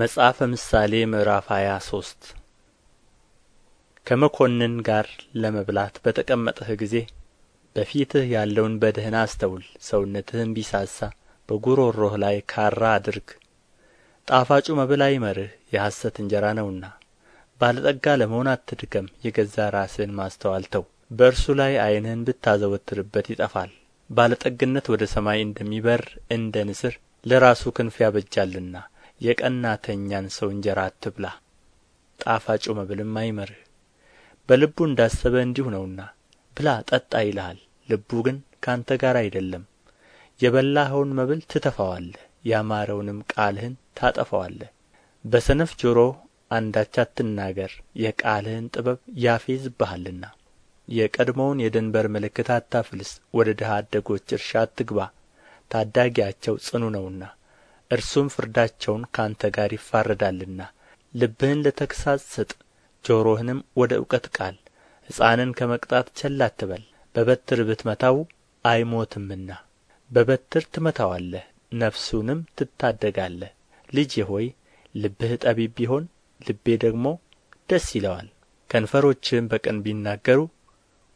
መጽሐፈ ምሳሌ ምዕራፍ ሃያ ሶስት ከመኮንን ጋር ለመብላት በተቀመጥህ ጊዜ በፊትህ ያለውን በደህና አስተውል። ሰውነትህም ቢሳሳ በጉሮሮህ ላይ ካራ አድርግ። ጣፋጩ መብል አይመርህ፣ የሐሰት እንጀራ ነውና። ባለጠጋ ለመሆን አትድከም፣ የገዛ ራስህን ማስተዋል ተው። በእርሱ ላይ ዐይንህን ብታዘወትርበት ይጠፋል። ባለጠግነት ወደ ሰማይ እንደሚበር እንደ ንስር ለራሱ ክንፍ ያበጃልና የቀናተኛን ሰው እንጀራ አትብላ ጣፋጩ መብልም አይመርህ በልቡ እንዳሰበ እንዲሁ ነውና ብላ ጠጣ ይልሃል ልቡ ግን ካንተ ጋር አይደለም የበላኸውን መብል ትተፋዋለህ ያማረውንም ቃልህን ታጠፋዋለህ በሰነፍ ጆሮ አንዳች አትናገር የቃልህን ጥበብ ያፌዝብሃልና የቀድሞውን የድንበር ምልክት አታፍልስ ወደ ድሀ አደጎች እርሻ አትግባ ታዳጊያቸው ጽኑ ነውና እርሱም ፍርዳቸውን ከአንተ ጋር ይፋረዳልና ልብህን ለተግሣጽ ስጥ ጆሮህንም ወደ እውቀት ቃል ሕፃንን ከመቅጣት ቸል አትበል በበትር ብትመታው አይሞትምና በበትር ትመታዋለህ ነፍሱንም ትታደጋለህ ልጄ ሆይ ልብህ ጠቢብ ቢሆን ልቤ ደግሞ ደስ ይለዋል ከንፈሮችህም በቅን ቢናገሩ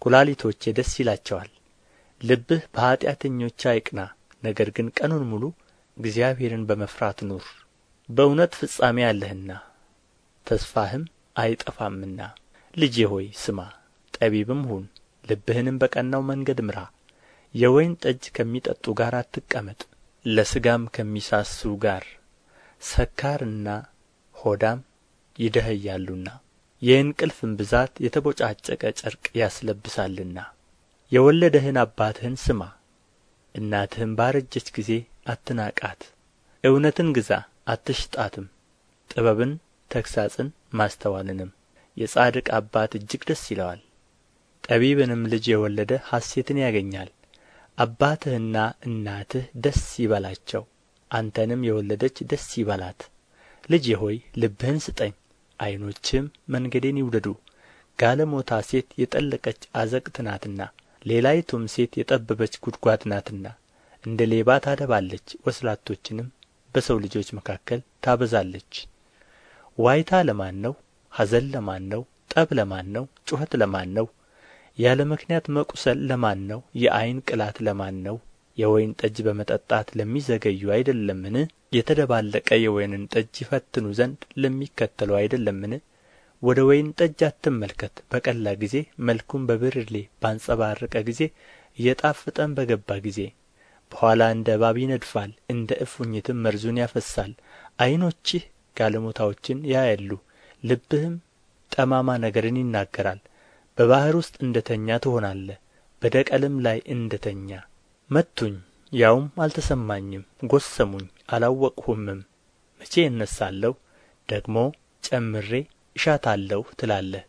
ኵላሊቶቼ ደስ ይላቸዋል ልብህ በኀጢአተኞች አይቅና ነገር ግን ቀኑን ሙሉ እግዚአብሔርን በመፍራት ኑር በእውነት ፍጻሜ አለህና ተስፋህም አይጠፋምና ልጄ ሆይ ስማ ጠቢብም ሁን ልብህንም በቀናው መንገድ ምራ የወይን ጠጅ ከሚጠጡ ጋር አትቀመጥ ለሥጋም ከሚሳሱ ጋር ሰካርና ሆዳም ይደኸያሉና የእንቅልፍም ብዛት የተቦጫጨቀ ጨርቅ ያስለብሳልና የወለደህን አባትህን ስማ እናትህም ባረጀች ጊዜ አትናቃት እውነትን ግዛ አትሽጣትም ጥበብን ተግሣጽን ማስተዋልንም የጻድቅ አባት እጅግ ደስ ይለዋል ጠቢብንም ልጅ የወለደ ሐሴትን ያገኛል አባትህና እናትህ ደስ ይበላቸው አንተንም የወለደች ደስ ይበላት ልጄ ሆይ ልብህን ስጠኝ ዐይኖችህም መንገዴን ይውደዱ ጋለሞታ ሴት የጠለቀች አዘቅት ናትና ሌላይቱም ሴት የጠበበች ጕድጓድ ናትና እንደ ሌባ ታደባለች ወስላቶችንም በሰው ልጆች መካከል ታበዛለች ዋይታ ለማን ነው ሐዘን ለማን ነው ጠብ ለማን ነው ጩኸት ለማን ነው ያለ ምክንያት መቁሰል ለማን ነው የዓይን ቅላት ለማን ነው የወይን ጠጅ በመጠጣት ለሚዘገዩ አይደለምን የተደባለቀ የወይንን ጠጅ ይፈትኑ ዘንድ ለሚከተሉ አይደለምን ወደ ወይን ጠጅ አትመልከት በቀላ ጊዜ መልኩም በብርሌ ባንጸባረቀ ጊዜ እየጣፈጠም በገባ ጊዜ በኋላ እንደ እባብ ይነድፋል እንደ እፉኝትም መርዙን ያፈሳል ዐይኖችህ ጋለሞታዎችን ያያሉ ልብህም ጠማማ ነገርን ይናገራል በባሕር ውስጥ እንደ ተኛ ትሆናለህ በደቀልም ላይ እንደ ተኛ መቱኝ ያውም አልተሰማኝም ጐሰሙኝ አላወቅሁምም መቼ እነሣለሁ ደግሞ ጨምሬ እሻታለሁ ትላለህ